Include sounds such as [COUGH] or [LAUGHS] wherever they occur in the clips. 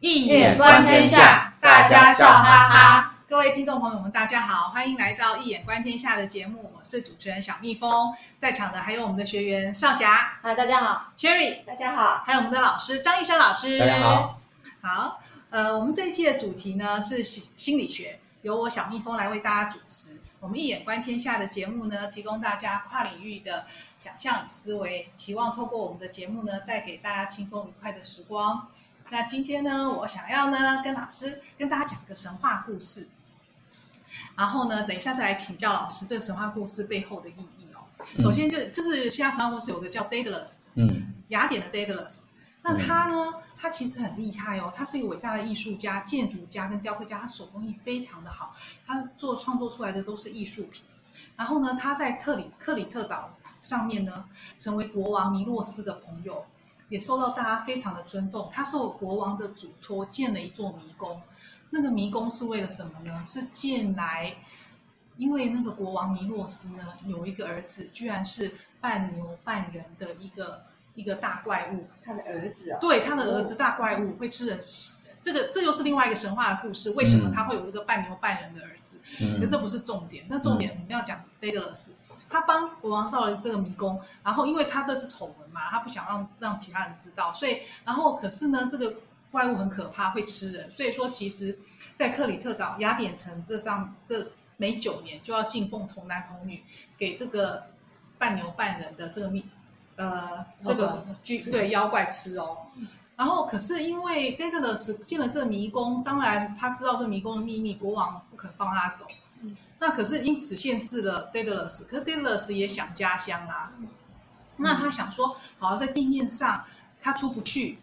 易眼觀天下，觀天下，大家笑哈哈，大家笑哈哈。各位聽眾朋友們，大家好，歡迎來到《易眼觀天下》的節目，我是主持人小蜜蜂。在場的還有我們的學員少霞，大家好，Cherry，大家好，還有我們的老師張一山老師，好。好，呃，我們這一季的主題呢是心心理學，由我小蜜蜂來為大家主持。我們《易眼觀天下》的節目呢，提供大家跨領域的想象與思維，希望透過我們的節目呢，帶給大家輕鬆愉快的時光。那今天呢，我想要呢跟老師跟大家講個神話故事，然後呢，等一下再來請教老師這個神話故事背後的意義哦。嗯、首先就就是希臘神話故事有個叫 Daedalus，嗯，雅典的 Daedalus，那他呢，他其實很厲害哦、嗯，他是一個偉大的藝術家、建築家跟雕刻家，他手工藝非常的好，他做創作出來的都是藝術品。然後呢，他在特里克里特島上面呢，成為國王米諾斯的朋友。也受到大家非常的尊重。他受國王的囑託建了一座迷宮，那個迷宮是為了什麼呢？是建來，因為那個國王彌諾斯呢，有一個兒子，居然是半牛半人的一個一個大怪物。他的兒子啊？對，他的兒子大怪物會吃人、嗯。這個這又是另外一個神話的故事。為什麼他會有一個半牛半人的兒子？嗯，那這不是重點。那重點我們要講 Daedalus、嗯。他幫國王造了這個迷宮，然後因為他這是醜聞嘛，他不想讓讓其他人知道，所以，然後可是呢，這個怪物很可怕，會吃人，所以說，其實，在克里特島雅典城這上這每九年就要進奉童男童女給這個半牛半人的這個迷呃這個巨對妖怪吃哦、嗯，然後可是因為 Daedalus 進了這個迷宮，當然他知道這個迷宮的祕密，國王不肯放他走。那可是因此限制了戴德魯斯，可戴德魯斯也想家鄉啊、嗯。那他想說，好，在地面上他出不去，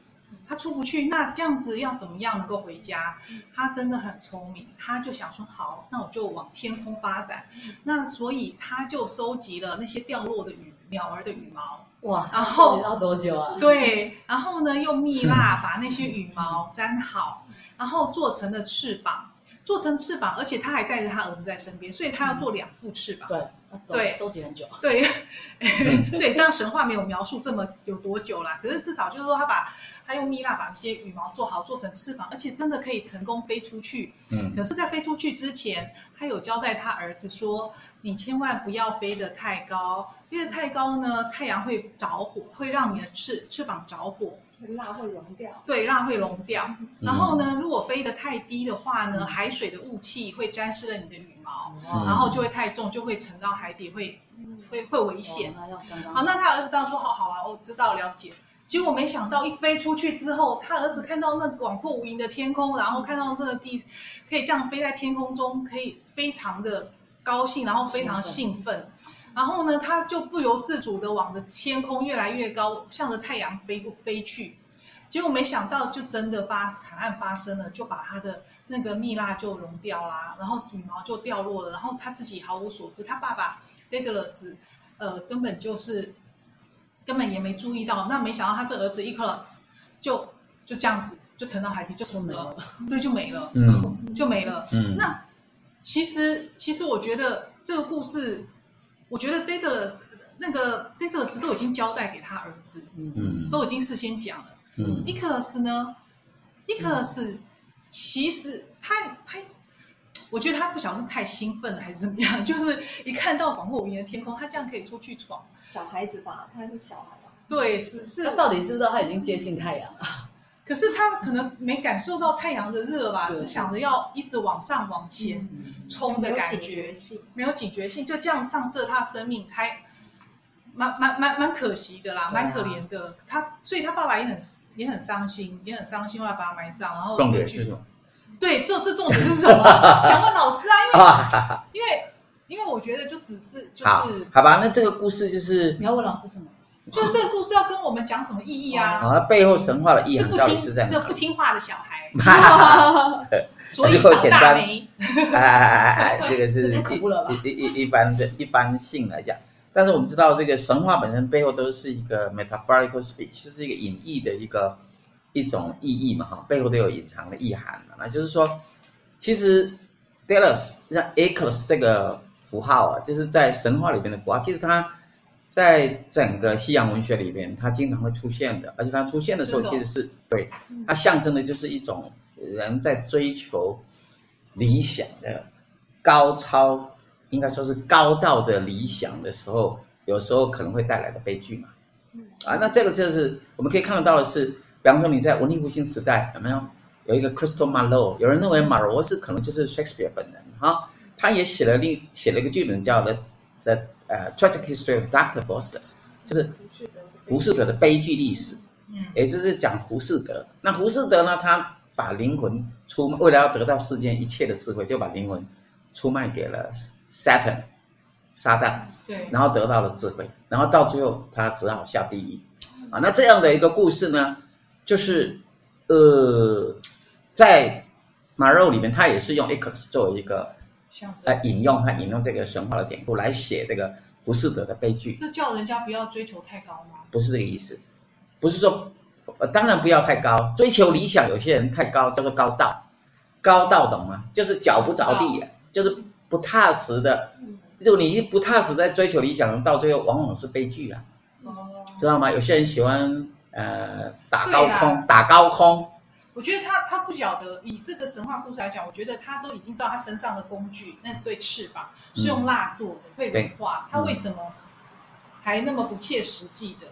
他出不去。那這樣子要怎麼樣能夠回家？他真的很聰明，他就想說，好，那我就往天空發展。那所以他就收集了那些掉落的羽鳥兒的羽毛，哇，然後到多久啊？對，然後呢，用蜜蠟把那些羽毛粘好、嗯，然後做成了翅膀。做成翅膀，而且他還帶着他兒子在身邊，所以他要做兩副翅膀。嗯、對走，對，收集很久。對， [LAUGHS] [LAUGHS] 對，那神話沒有描述這麼有多久啦，可是至少就是說他把他用蜜蠟把這些羽毛做好，做成翅膀，而且真的可以成功飛出去。嗯。可是，在飛出去之前、嗯，他有交代他兒子說：“你千萬不要飛得太高，飛得太高呢，太陽會着火，會讓你的翅翅膀着火。”蠟會融掉，對，蠟會融掉、嗯。然後呢，如果飛得太低的話呢，嗯、海水的霧氣會沾濕了你的羽毛、嗯，然後就會太重，就會沉到海底，會會會危險、嗯哦、剛剛剛好，那他兒子當然說，好好啊，我知道了解。結果沒想到，一飛出去之後，他兒子看到那廣闊無垠的天空，然後看到那個地，可以這樣飛在天空中，可以非常的高興，然後非常興奮。興奮。然後呢，他就不由自主地往着天空越來越高，向着太陽飛過飛去。結果沒想到，就真的發慘案發生了，就把他的那個蜜蠟就溶掉啦，然後羽毛就掉落了。然後他自己毫無所知，他爸爸 Daedalus，呃，根本就是根本也沒注意到。那沒想到他這兒子 Icarus，就就這樣子就沉到海底就死了，沒了，對，就沒了，嗯， [LAUGHS] 就沒了，嗯。那其實其實我覺得這個故事。我覺得戴德斯，那個戴德斯都已經交代給他兒子，嗯，都已經事先講了。嗯，伊克爾斯呢？伊克爾斯其實他他，我覺得他不曉得是太興奮了還是怎麼樣，就是一看到廣闊無垠的天空，他這樣可以出去闖。小孩子吧，他是小孩吧。對，是是。他到底知不知道他已經接近太陽了？ [LAUGHS] 可是他可能沒感受到太陽的熱吧、嗯，只想着要一直往上往前衝的感覺，嗯嗯、沒有警覺性，沒有警覺性，就這樣喪失他生命，還蠻蠻蠻蠻可惜的啦、啊，蠻可憐的。他所以他爸爸也很也很傷心，也很傷心為他埋葬，然後去對，做這重點是什麼？ [LAUGHS] 想問老師啊，因為 [LAUGHS] 因為因為我覺得就只是就是好，好吧，那這個故事就是你要問老師什麼？ [LAUGHS] 就是這個故事要跟我們講什麼意義啊？嗯、啊，背後神話的意涵，到底是，是不聽實在，這不聽話的小孩，所以放大眉。哎哎哎哎，這個是一是了一一,一般的一般性來講。但是我們知道，這個神話本身背後都是一個 metaphorical speech，就是一個隱喻的一個一種意義嘛，哈，背後都有隱藏的意涵嘛。那就是說，其實 Daedalus 像 Icarus 這個符號啊，就是在神話裡面的國，其實它。在整個西洋文學裡邊，它經常會出現的，而且它出現的時候，其實是對它象徵的，就是一種人在追求理想的高超，應該說是高到的理想的時候，有時候可能會帶來的悲劇嘛。啊，那這個就是我們可以看得到的是，比方說你在文藝復興時代有沒有有一個 Christopher Marlowe，有人認為馬羅是可能就是 Shakespeare 本人哈，他也寫了另寫了一個劇本叫 The 呃，《Tragic History of Doctor Faustus》就是浮士德的悲劇歷史，嗯，也就是講浮士德。那浮士德呢，他把靈魂出，為了要得到世間一切的智慧，就把靈魂出賣給了 Satan 撒旦，對，然後得到了智慧，然後到最後他只好下地獄啊。那這樣的一個故事呢，就是呃，在 Marlowe 裡面，他也是用 Ex 作為一個。來、呃、引用，他引用這個神話的典故來寫這個不適者的悲劇。這叫人家不要追求太高嗎？不是這個意思，不是說，當然不要太高，追求理想，有些人太高叫做高道，高道懂嗎？就是腳不着地、啊嗯，就是不踏實的。嗯、就你一不踏實，在追求理想，到最後往往是悲劇啊。嗯、知道嗎？有些人喜歡呃打高空，打高空。我覺得他他不曉得，以這個神話故事來講，我覺得他都已經知道他身上的工具那對翅膀是用蠟做的，嗯、會融化。他為什麼還那麼不切實際的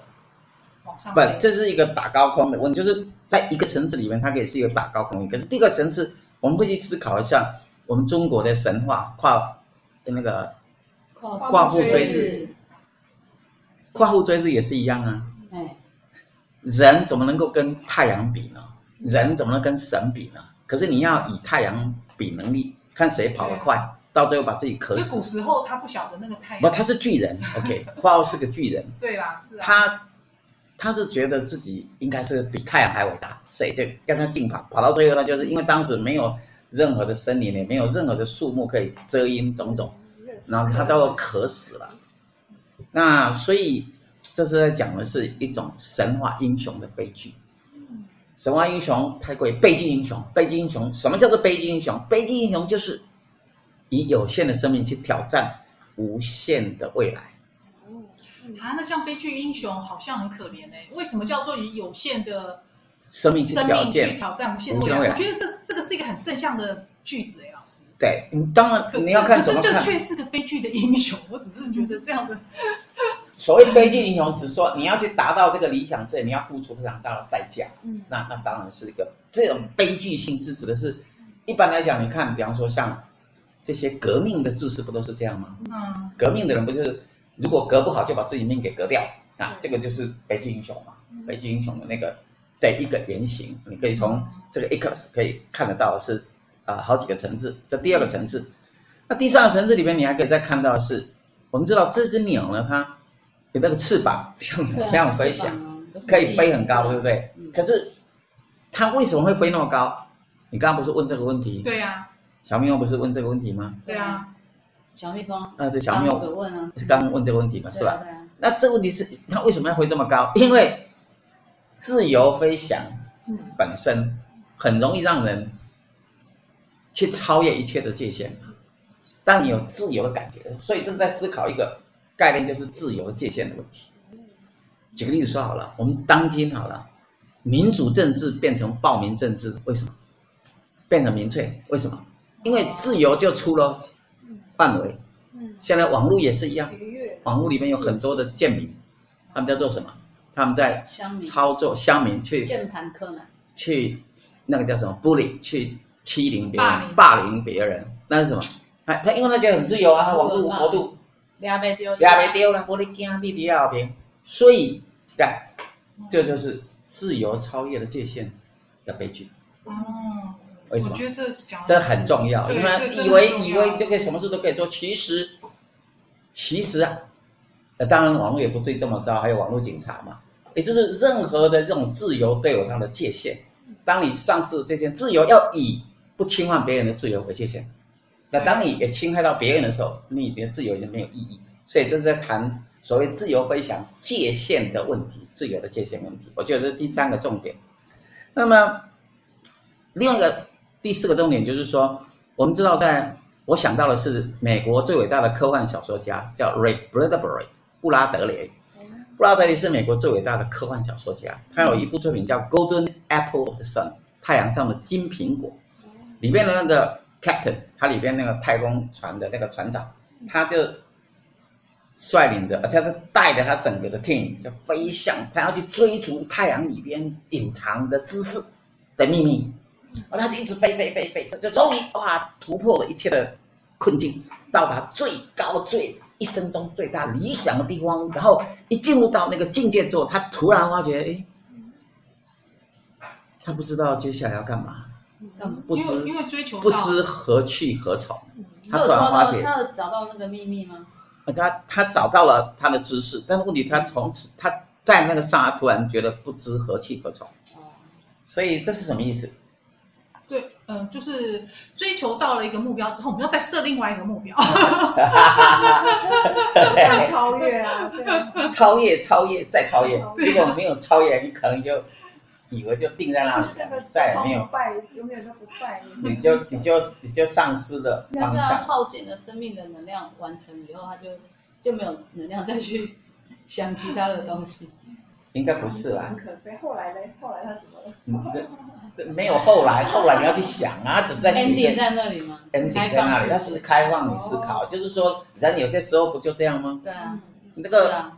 往上飛？不，這是一個打高空的問題，就是在一個層次裡面，它可以是一個打高空的；可是第二個層次，我們會去思考一下我們中國的神話，誇那個誇，夸父追日，夸父追日也是一樣啊。哎、嗯，人怎麼能夠跟太陽比呢？人怎麼能跟神比呢？可是你要以太陽比能力，看誰跑得快，到最後把自己渴死。古時候他不曉得那個太陽，不，他是巨人。 [LAUGHS] OK，夸父是個巨人。對啦，是啊。他他是覺得自己應該是比太陽還偉大，所以就跟他競跑，跑到最後那就是因為當時沒有任何的森林，也沒有任何的樹木可以遮陰，種種，然後他都渴死了。 [LAUGHS] 那所以這是在講的是一種神話英雄的悲劇。神麼英雄太貴，悲劇英雄，悲劇英，英雄，什麼叫做悲劇英雄？悲劇英雄就是以有限的生命去挑戰無限的未來。啊，那像悲劇英雄好像很可憐呢、欸？為什麼叫做以有限的生命去挑戰無限的未來？未來我覺得這這個是一個很正向的句子、欸、老師。對，你當然你要看，麼看，可是這卻是個悲劇的英雄，我只是覺得這樣的。 [LAUGHS] 所謂悲劇英雄，只說你要去達到這個理想時你要付出非常大的代價，嗯。那那當然是一個這種悲劇性，是指的是，嗯、一般來講，你看，比方說像這些革命的志士，不都是這樣嗎？嗯，革命的人不就是如果革不好，就把自己命給革掉？嗯啊、這個就是悲劇英雄嘛？嗯、悲劇英雄的那個的一個原型，你可以從這個 X 可以看得到的是啊、呃，好幾個層次。這第二個層次，那第三個層次裡面，你還可以再看到的是，我們知道這隻鳥呢，它，有那個翅膀，像這、啊、飛翔、啊，可以飛很高，對不對？嗯、可是它為什麼會飛那麼高？你剛剛不是問這個問題？對呀、啊，小蜜蜂不是問這個問題嗎？對啊，小蜜蜂。啊，這小蜜蜂問、啊、是剛剛問這個問題嘛、啊啊，是吧？那這問題是它為什麼要飛這麼高？因為自由飛翔，嗯，本身很容易讓人去超越一切的界限，當你有自由的感覺，所以這是在思考一個，概念就是自由界限的問題。舉個例子說好了，我們當今好了，民主政治變成暴民政治，為什麼？變成民粹，為什麼？因為自由就出了範圍。現在網絡也是一樣，網絡裡面有很多的賤民，他們在做什麼？他們在操作鄉民去鍵盤客呢？去那個叫什麼 bully 去欺凌別人、霸凌、霸凌別人，那是什麼？哎，他因為他覺得很自由啊，他網絡無國度。也未得了，也未得我哩驚。所以，幹，這就是自由超越了界限的悲劇。哦，我覺得這是講，這很重要，因為以為以為就可以什麼事都可以做，其實，其實啊、呃，當然網絡也不至於這麼糟，還有網絡警察嘛。也就是任何的這種自由都有它的界限，當你喪失了界限，自由要以不侵犯別人的自由為界限。那當你也侵害到別人的時候，你的自由已經沒有意義。所以這是在談所謂自由飛翔界限的問題，自由的界限問題。我覺得這是第三個重點。那麼，另外一個第四個重點就是說，我們知道在，在我想到的是美國最偉大的科幻小說家叫 Ray Bradbury 布拉德雷、嗯。布拉德雷是美國最偉大的科幻小說家，他有一部作品叫《Golden Apple of the Sun 太陽上的金蘋果》，裡面的那個。嗯嗯 Captain，他裡邊那個太空船的那個船長，他就率領着，而且他是帶着他整個的 team，就飛向他要去追逐太陽裡邊隱藏的知識的秘密。然後他就一直飛飛飛飛，就終於哇突破了一切的困境，到達最高最一生中最大理想的地方。然後一進入到那個境界之後，他突然發覺，哎，他不知道接下來要幹嘛。嗯、不知，因為，因為追求不知何去何從。嗯、他找、嗯、到他有找到那個秘密嗎？他他找到了他的知識，但是問題他從此、嗯、他在那個沙突然覺得不知何去何從。嗯、所以這是什麼意思、嗯？對，嗯，就是追求到了一個目標之後，我們要再設另外一個目標，哈哈哈哈哈。超越啊！ [LAUGHS] 超越，超越，再超越。如果沒，沒有超越，你可能就。以為就定在那裡， [LAUGHS] 再也沒有，永 [LAUGHS] 遠就不敗，你就你就你就喪失了，那是耗盡了生命的能量，完成以後他就就沒有能量再去想其他的東西， [LAUGHS] 應該不是吧、啊？很可悲。後來呢？後來他怎麼了？沒有後來，後來你要去想啊， [LAUGHS] 只是在。Ending [LAUGHS] 在那裡嗎？Ending 在那裡，它是開放你思考，哦、就是說人有些時候不就這樣嗎？對啊。那、這個、啊、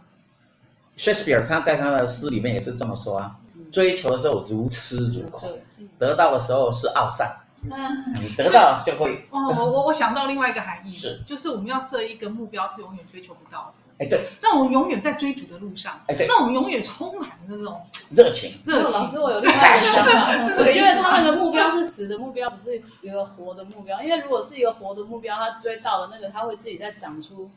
Shakespeare 他在他的詩裡面也是這麼說啊。追求的時候如痴如狂，哦嗯，得到的時候是懊喪、嗯。你得到就會、嗯、哦，我我想到另外一個含義，是就是我們要設一個目標是永遠追求不到的，哎對，那我們永遠在追逐的路上，哎對，那我們永遠充滿那種熱情熱情。其實、哦、我有另外一個想法，我、 [LAUGHS] 嗯、覺得他那個目標是死的目標，不是一個活的目標，因為如果是一個活的目標，他追到了那個他會自己再長出。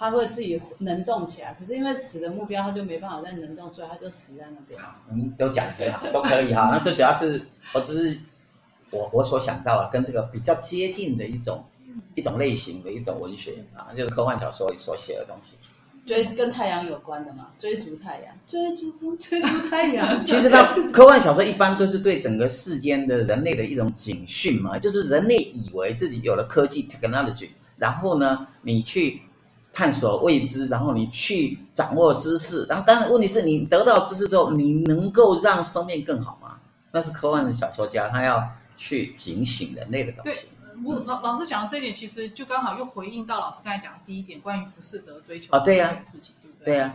他會自己能動起來，可是因為死的目標，他就沒辦法再能動，所以他就死在那邊。好、嗯，都講得很好，都可以哈。 [LAUGHS] 那最主要是我只是我我所想到的跟這個比較接近的一種一種類型的一種文學啊，就是科幻小說裡所寫的東西。追跟太陽有關的嘛？追逐太陽，追逐追追逐太陽。 [LAUGHS] 其實呢，科幻小說一般都是對整個世間的人類的一種警訊嘛，就是人類以為自己有了科技 technology，然後呢，你去。探索未知，然後你去掌握知識，然後當然問題是你得到知識之後，你能夠讓生命更好嗎？那是科幻的小說家，他要去警醒人類的東西。對嗯、老老師講的這一點，其實就剛好又回應到老師剛才講的第一點，關於浮士德追求的事情、哦、啊，對呀對，對呀、啊，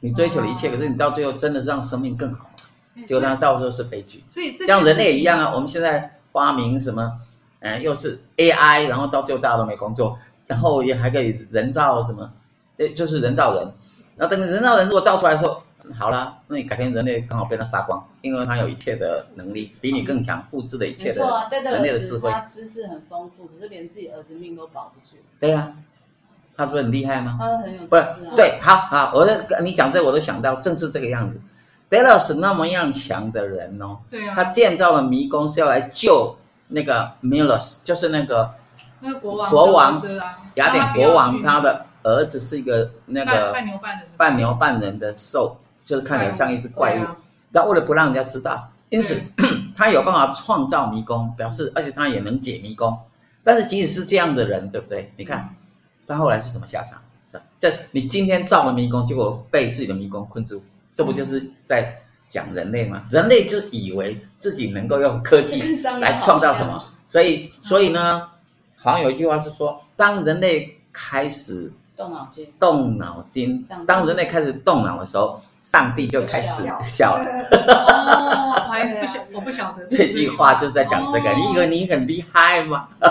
你追求了一切、哦，可是你到最後真的讓生命更好嗎？就、哎、那到時候是悲劇。所以，所以這樣人類也一樣啊、嗯，我們現在發明什麼，哎、呃，又是 AI，然後到最後大家都沒工作。然後也還可以人造什麼？誒，就是人造人。然後等於人造人如果造出來的時候，好了，那你改天人類剛好被他殺光，因為他有一切的能力，比你更強，複製的一切的人類的智慧、嗯啊。他知識很豐富，可是連自己兒子命都保不住。對啊，他是不是很厲害嗎？他是很有、啊、不是對，好啊，我你講這我都想到，正是這個樣子。Delos 那麼樣強的人哦、啊，他建造了迷宮是要來救那個米洛斯，就是那個。那個國王、啊，國王，雅典國王，他的兒子是一個那個半牛半人、半牛半人的獸，就是看着像一隻怪物、啊。但為了不讓人家知道，因此 [COUGHS] 他有辦法創造迷宮，表示，而且他也能解迷宮。但是即使是這樣的人，對不對？你看、嗯、他後來是什麼下場，是吧？這你今天造了迷宮，結果被自己的迷宮困住，這不就是在講人類嗎、嗯？人類就以為自己能夠用科技來創造什麼，所以、嗯，所以呢？好像有一句話是說，當人類開始動腦筋，動腦筋，動腦筋、嗯，當人類開始動腦的時候，上帝就開始笑了。哈、 [LAUGHS] 哦，我還是不曉、嗯，我不曉得，不得這句話就是在講這個。你、哦、以為你很厲害嗎？哦、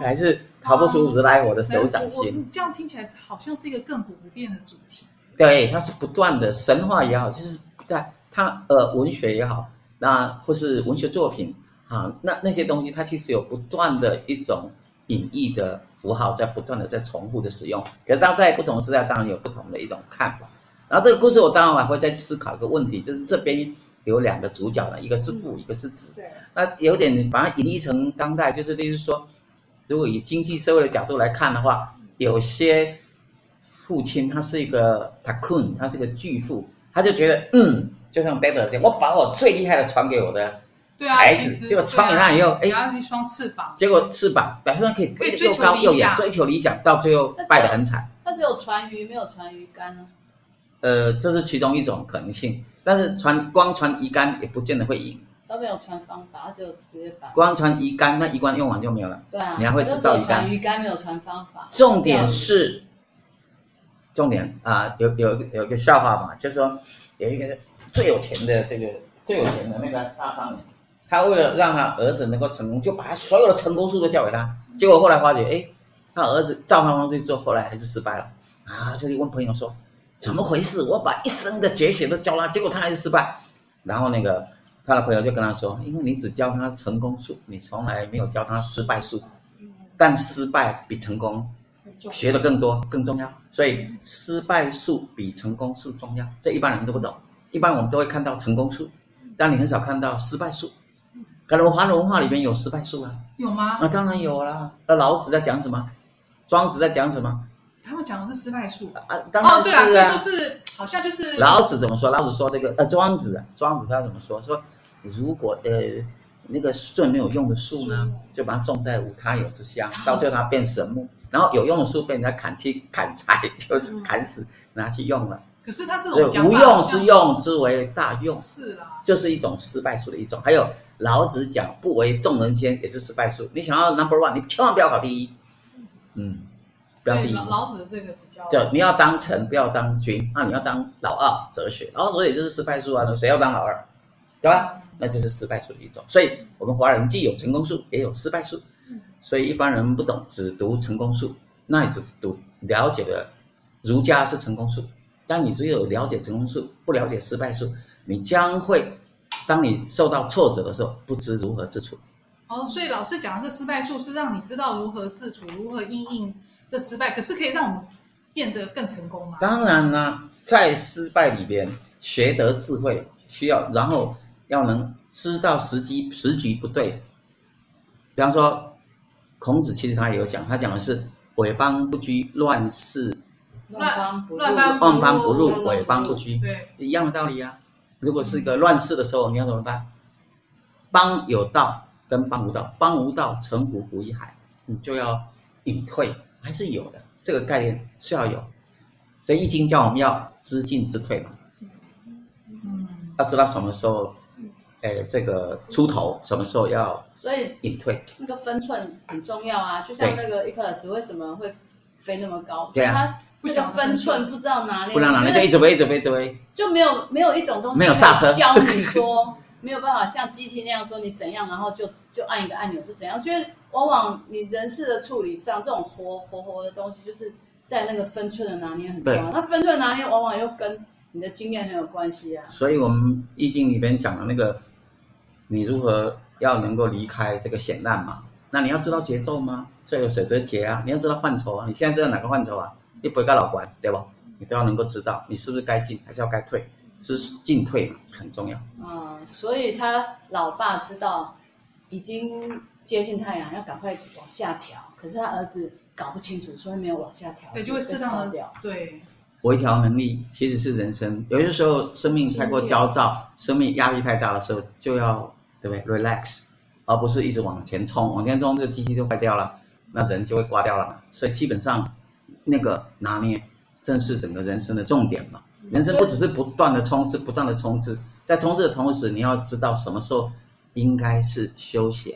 [LAUGHS] 還是逃不出如來，我的手掌心。啊、你這樣聽起來好像是一個亘古不變的主題。對，它是不斷的，神話也好，就是對、嗯、它呃文學也好，那、呃、或是文學作品。啊，那那些東西，它其實有不斷的一種隱喻的符號在不斷的在重複的使用，可是當在不同時代，當然有不同的一種看法。然後這個故事，我當然還會再思考一個問題，就是這邊有兩個主角呢，一個是父，一個是子。嗯、對。那有點把它隱喻成當代，就是例如說，如果以經濟社會的角度來看的話，有些父親他是一個 tycoon，他是個巨富，他就覺得，嗯，就像 dad 這樣，我把我最厲害的傳給我的。對啊，孩子，結果穿了那以後，哎、啊，誒一雙翅膀。結果翅膀本身可以，可以追求理想又高又遠，追求理想，到最後敗得很慘。那只有傳魚，沒有傳魚竿呢？呃，這是其中一種可能性。嗯、但是傳光傳魚竿也不見得會贏。他沒有傳方法，他只有直接。光傳魚竿，那魚竿用完就沒有了。對啊。你還會製造魚竿？魚竿沒有傳方法。重點是，重點啊，有有有一個笑話嘛，就是說有一個是最有錢的這個這這最有錢的那個大商人。他、啊、為了讓他兒子能夠成功，就把他所有的成功術都教給他。結果後來發覺，哎，他兒子照他方式做，後來還是失敗了啊！就去問朋友說：“怎麼回事？我把一生的絕學都教了，結果他還是失敗。”然後那個他的朋友就跟他說：“因為你只教他成功術，你從來沒有教他失敗術。但失敗比成功學的更多，更重要。所以失敗術比成功術重要。這一般人都不懂。一般我們都會看到成功術，但你很少看到失敗術。可能我華人文化裡邊有失敗術啊？有嗎？那、啊、當然有啦。那、啊、老子在講什麼？莊子在講什麼？他們講的是失敗術啊？當但、啊哦啊、就是好像就是老子怎麼說？老子說這個呃，莊、啊、子、啊，莊子他怎麼說？說如果呃那個最沒有用的樹呢，就把它種在無何有之鄉、嗯，到最後它變神木。然後有用的樹被人家砍去砍柴，就是砍死、嗯、拿去用了。可是他這種無用之用之為大用，是啊，這、就是一種失敗術的一種。還有。老子講不為眾人先也是失敗術。你想要 number one，你千萬不要考第一。嗯，不要第一。老、老子這個比較，就你要當臣，不要當君啊！那你要當老二，哲學老二，所以就是失敗術啊！誰要當老二，對吧？那就是失敗術的一種。所以我們華人既有成功術，也有失敗術。所以一般人不懂，只讀成功術，那你只讀了解的。儒家是成功術，但你只有了解成功術，不了解失敗術，你將會，當你受到挫折的時候，不知如何自處。哦，所以老師講的這失敗術是讓你知道如何自處，如何因應這失敗。可是可以讓我們變得更成功嗎？當然啦、啊，在失敗裡邊學得智慧，需要，然後要能知道時機時局不對。比方說，孔子其實他也有講，他講的是“危邦不居，亂世亂亂邦不入，危邦不、不、不居”，對，一樣的道理呀、啊。如果是一個亂世的時候，你要怎麼辦？邦有道跟邦無道，邦無道乘桴浮於海，你就要隱退，還是有的，這個概念是要有。所以《易經》叫我們要知進知退嘛，要知道什麼時候，哎、呃，這個出頭，什麼時候要退，所以隱退那個分寸很重要啊。就像那個伊卡洛斯，為什麼會飛那麼高？對，對啊。不，分寸，不知道分寸，不知道拿捏，覺、就是、就一直飛，一直圍一直圍就沒有，沒有一種東西，沒有剎車教你說，沒有， [LAUGHS] 沒有辦法像機器那樣說你怎樣，然後就就按一個按鈕是怎樣。就是往往你人事的處理上，這種活活活的東西，就是在那個分寸的拿捏很重要。那分寸拿捏往往又跟你的經驗很有關係啊。所以，我們易經裡邊講的那個，你如何要能夠離開這個險難嘛？那你要知道節奏嗎？所以有水澤節啊，你要知道換疇啊。你現在知道哪個換疇啊？你不要老關，對吧？你都要能夠知道，你是不是該進，還是要該退，是進退嘛，很重要。嗯，所以他老爸知道已經接近太陽，要趕快往下調。可是他兒子搞不清楚，所以沒有往下調，對，就會適當的調。對，回調能力其實是人生，有些時候生命太過焦躁，生命，生命壓力太大的時候，就要對不對？Relax，而不是一直往前衝，往前衝，這個機器就壞掉了，那人就會掛掉了。所以基本上。那個拿捏，正是整個人生的重點嘛。人生不只是不斷的衝刺，不斷的衝刺，在衝刺的同時，你要知道什麼時候應該是休閒，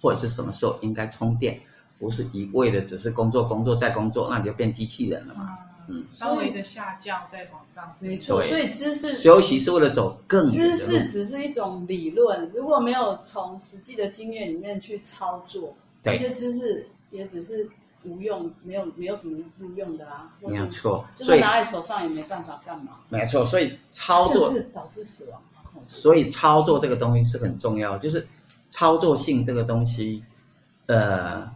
或者是什麼時候應該充電，不是一味的只是工作工作再工作，那你就變機器人了嘛。嗯、啊，稍微的下降再往上，沒錯。所以知識，休息是為了走更、嗯、知識只是一種理論，如果沒有從實際的經驗裡面去操作，這些知識也只是。無用，沒有沒有什麼無用的啊，沒有錯，所以拿在手上也沒辦法幹嘛。沒錯，所以操作導致死亡。所以操作這個東西是很重要的，就是操作性這個東西，呃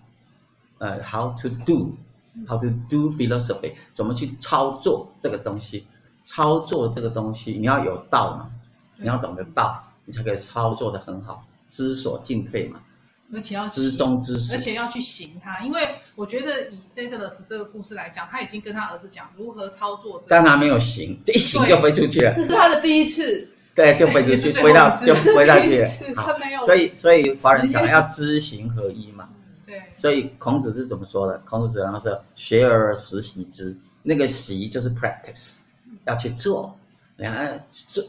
呃，how to do，how to do philosophy，怎麼去操作這個東西？操作這個東西，東西你要有道嘛，你要懂得道，你才可以操作得很好，知所進退嘛。而且要知中知識，而且要去行它，因為我覺得以 Daedalus 這個故事來講，他已經跟他兒子講如何操作，但他沒有行，這一行就飛出去了。這是他的第一次。對，就飛出去，飛到就飛上去了。第一次他沒有，所以所以華人講要知行合一嘛。嗯，對。所以孔子是怎麼說的？孔子然後說學而時習之，那個習就是 practice，要去做。然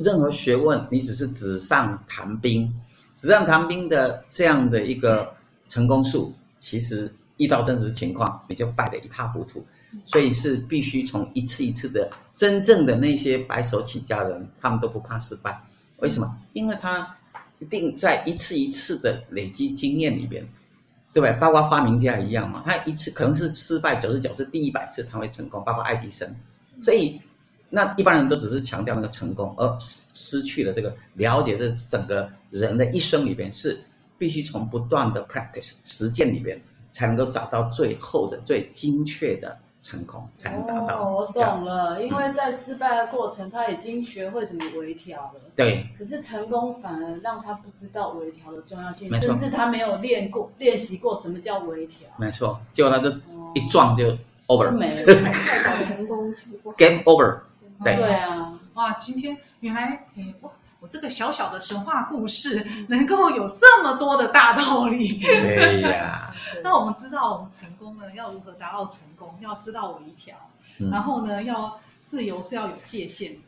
任何學問，你只是紙上談兵。”紙上談兵的這樣的一個成功術，其實遇到真實情況，你就敗得一塌糊塗，所以是必須從一次一次的真正的那些白手起家人，他們都不怕失敗，為什麼？因為他一定在一次一次的累積經驗裡邊，對吧？對？包括發明家一樣嘛，他一次可能是失敗九十九次，第一百次他會成功，包括愛迪生，所以。那一般人都只是強調那個成功，而失失去了這個了解，這整個人的一生裡邊是必須從不斷的 practice 實踐裡邊才能夠找到最後的最精確的成功，才能達到、哦。我懂了，因為在失敗的過程，他已經學會怎麼微調了、嗯。對。可是成功反而讓他不知道微調的重要性，甚至他沒有練過練習過什麼叫微調。沒錯，結果他就一撞就 over。就沒了，太成功其實 Game over。對啊,對啊，哇！今天原來，哇！我這個小小的神話故事能夠有這麼多的大道理，對呀啊？那我們知道，我們成功呢要如何達到成功？要知道我一條，然後呢，嗯、要自由是要有界限的。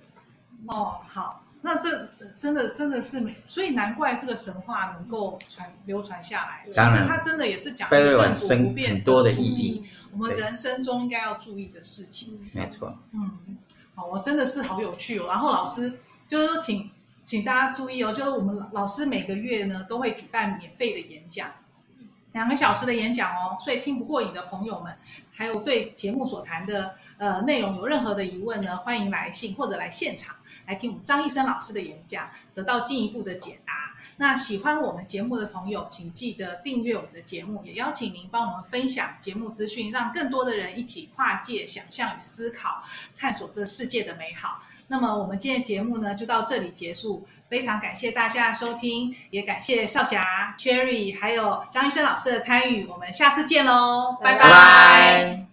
哦，好，那這,這真的真的是美所以難怪這個神話能夠傳流傳下來，其實它真的也是講一個亙古不變多的意境。我們人生中應該要注意的事情，嗯、沒錯，嗯。哦，我真的是好有趣哦！然後老師就是請請大家注意哦，就是我們老師每個月呢都會舉辦免費的演講，兩個小時的演講哦。所以聽不過癮的朋友們，還有對節目所談的呃內容有任何的疑問呢，歡迎來信或者來現場來聽我們張醫生老師的演講，得到進一步的解答。那喜歡我們節目的朋友，請記得訂閱我們的節目，也邀請您幫我們分享節目資訊，讓更多的人一起跨界想象與思考，探索這世界的美好。那麼，我們今天的節目呢，就到這裡結束。非常感謝大家收聽，也感謝少霞、Cherry 還有張醫生老師的參與。我們下次見嘍，拜拜。Bye.